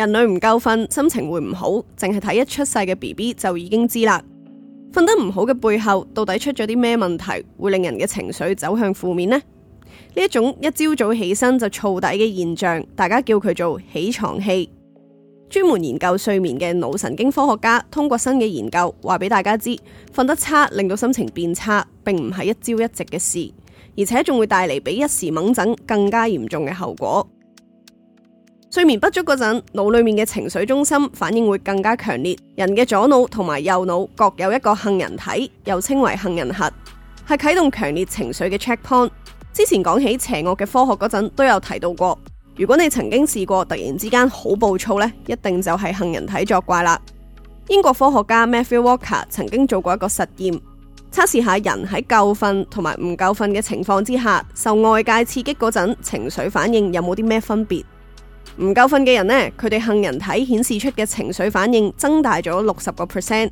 人類唔夠瞓，心情會唔好，淨係睇一出世嘅 BB 就已經知啦。瞓得唔好嘅背後到底出咗啲咩問題，會令人嘅情緒走向負面呢？呢一種一朝早起身就燥底嘅現象，大家叫佢做起床氣。專門研究睡眠嘅腦神經科學家，通過新嘅研究，話俾大家知，瞓得差令到心情變差，並唔係一朝一夕嘅事，而且仲會帶嚟比一時矇枕更加嚴重嘅後果。睡眠不足嗰陣，腦裏面嘅情緒中心反應會更加強烈。人嘅左腦同埋右腦各有一個杏仁體，又稱為杏仁核，係啟動強烈情緒嘅 checkpoint。之前講起邪惡嘅科學嗰陣都有提到過。如果你曾經試過突然之間好暴躁呢，一定就係杏仁體作怪啦。英國科學家 Matthew Walker 曾經做過一個實驗，測試下人喺夠瞓同埋唔夠瞓嘅情況之下，受外界刺激嗰陣情緒反應有冇啲咩分別。唔夠瞓嘅人呢，佢哋杏仁體顯示出嘅情緒反應增大咗六十個 percent，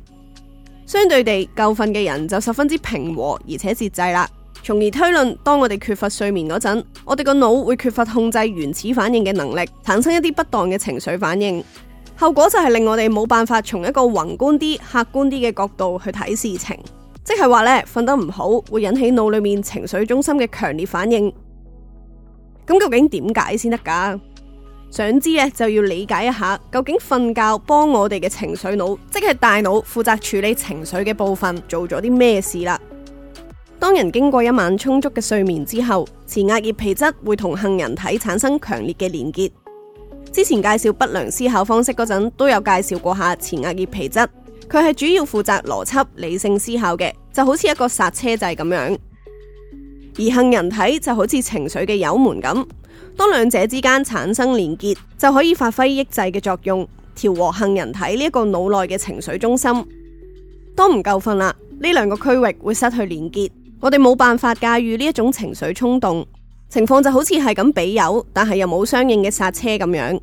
相對地，夠瞓嘅人就十分之平和而且節制啦。從而推論，當我哋缺乏睡眠嗰陣，我哋個腦會缺乏控制原始反應嘅能力，產生一啲不當嘅情緒反應，後果就係令我哋冇辦法從一個宏觀啲、客觀啲嘅角度去睇事情，即係話呢，瞓得唔好會引起腦裏面情緒中心嘅強烈反應。咁究竟點解先得㗎？想知咧，就要理解一下究竟瞓覺幫我哋嘅情緒腦，即係大腦負責處理情緒嘅部分，做咗啲咩事啦？當人經過一晚充足嘅睡眠之後，前額葉皮質會同杏仁體產生強烈嘅連結。之前介紹不良思考方式嗰陣都有介紹過下前額葉皮質，佢係主要負責邏輯理性思考嘅，就好似一個剎車掣咁樣。而杏仁體就好似情緒嘅油門咁，當兩者之間產生連結，就可以發揮抑制嘅作用，調和杏仁體呢一個腦內嘅情緒中心。當唔夠瞓啦，呢兩個區域會失去連結，我哋冇辦法駕馭呢一種情緒衝動，情況就好似係咁俾油，但係又冇相應嘅剎車咁樣。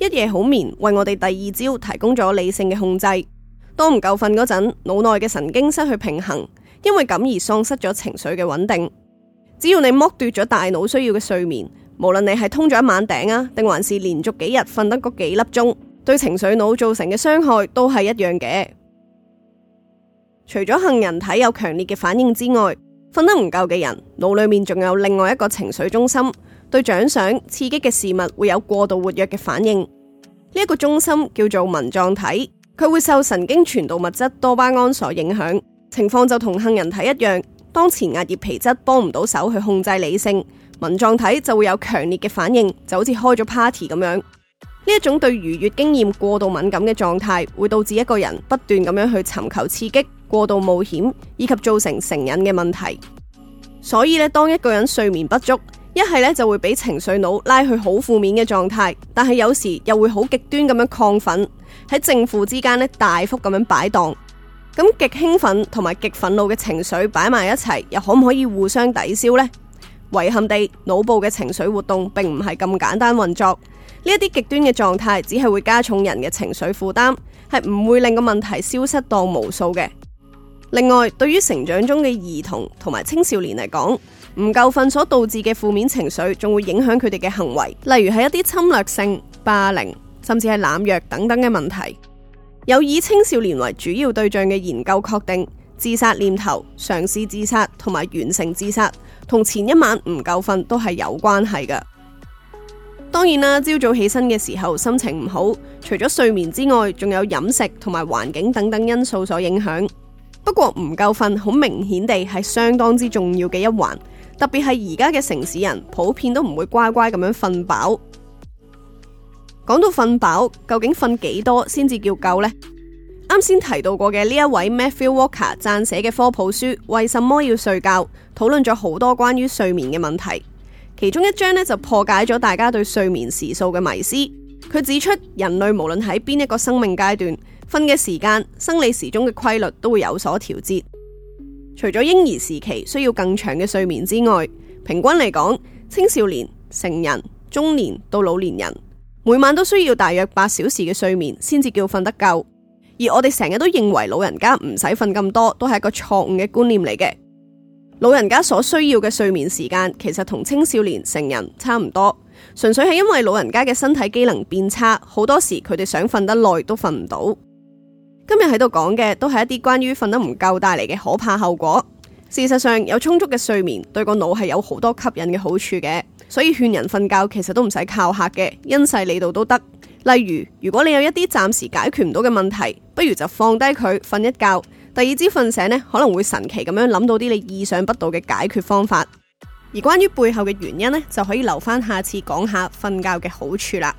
一夜好眠為我哋第二朝提供咗理性嘅控制。當唔夠瞓嗰陣，腦內嘅神經失去平衡。因為咁而喪失咗情緒嘅穩定。只要你剝奪咗大腦需要嘅睡眠，無論你係通咗一晚頂啊，定還是連續幾日瞓得嗰幾粒鐘，對情緒腦造成嘅傷害都係一樣嘅。除咗杏仁體有強烈嘅反應之外，瞓得唔夠嘅人腦裏面仲有另外一個情緒中心，對獎賞刺激嘅事物會有過度活躍嘅反應。呢一個中心叫做紋狀體，佢會受神經傳導物質多巴胺所影響。情況就同杏仁體一樣，當前額葉皮質幫唔到手去控制理性，紋狀體就會有強烈嘅反應，就好似開咗 party 咁樣。呢一種對愉悅經驗過度敏感嘅狀態，會導致一個人不斷咁樣去尋求刺激、過度冒險，以及造成成癮嘅問題。所以咧，當一個人睡眠不足，一係咧就會俾情緒腦拉去好負面嘅狀態，但係有時又會好極端咁樣亢奮，喺正負之間呢大幅咁樣擺蕩。咁極興奮同埋極憤怒嘅情緒擺埋一齊，又可唔可以互相抵消呢？遺憾地，腦部嘅情緒活動並唔係咁簡單運作。呢一啲極端嘅狀態，只係會加重人嘅情緒負擔，係唔會令個問題消失當無數嘅。另外，對於成長中嘅兒童同埋青少年嚟講，唔夠瞓所導致嘅負面情緒，仲會影響佢哋嘅行為，例如係一啲侵略性、霸凌，甚至係濫藥等等嘅問題。有以青少年為主要對象嘅研究確定，確定自殺念頭、嘗試自殺同埋完成自殺，同前一晚唔夠瞓都係有關係嘅。當然啦，朝早起身嘅時候心情唔好，除咗睡眠之外，仲有飲食同埋環境等等因素所影響。不過唔夠瞓好明顯地係相當之重要嘅一環，特別係而家嘅城市人普遍都唔會乖乖咁樣瞓飽。講到瞓飽，究竟瞓幾多先至叫夠呢？啱先提到過嘅呢一位 Matthew Walker 撰寫嘅科普書《為什麼要睡覺》，討論咗好多關於睡眠嘅問題。其中一章呢，就破解咗大家對睡眠時數嘅迷思。佢指出，人類無論喺邊一個生命階段，瞓嘅時間、生理時鐘嘅規律都會有所調節。除咗嬰兒時期需要更長嘅睡眠之外，平均嚟講，青少年、成人、中年到老年人。每晚都需要大約八小時嘅睡眠，先至叫瞓得夠。而我哋成日都認為老人家唔使瞓咁多，都係一個錯誤嘅觀念嚟嘅。老人家所需要嘅睡眠時間，其實同青少年、成人差唔多。純粹係因為老人家嘅身體機能變差，好多時佢哋想瞓得耐都瞓唔到。今日喺度講嘅，都係一啲關於瞓得唔夠帶嚟嘅可怕後果。事實上，有充足嘅睡眠對個腦係有好多吸引嘅好處嘅，所以勸人瞓覺其實都唔使靠吓嘅，因勢利導都得。例如，如果你有一啲暫時解決唔到嘅問題，不如就放低佢瞓一覺。第二朝瞓醒咧，可能會神奇咁樣諗到啲你意想不到嘅解決方法。而關於背後嘅原因呢，就可以留翻下次講下瞓覺嘅好處啦。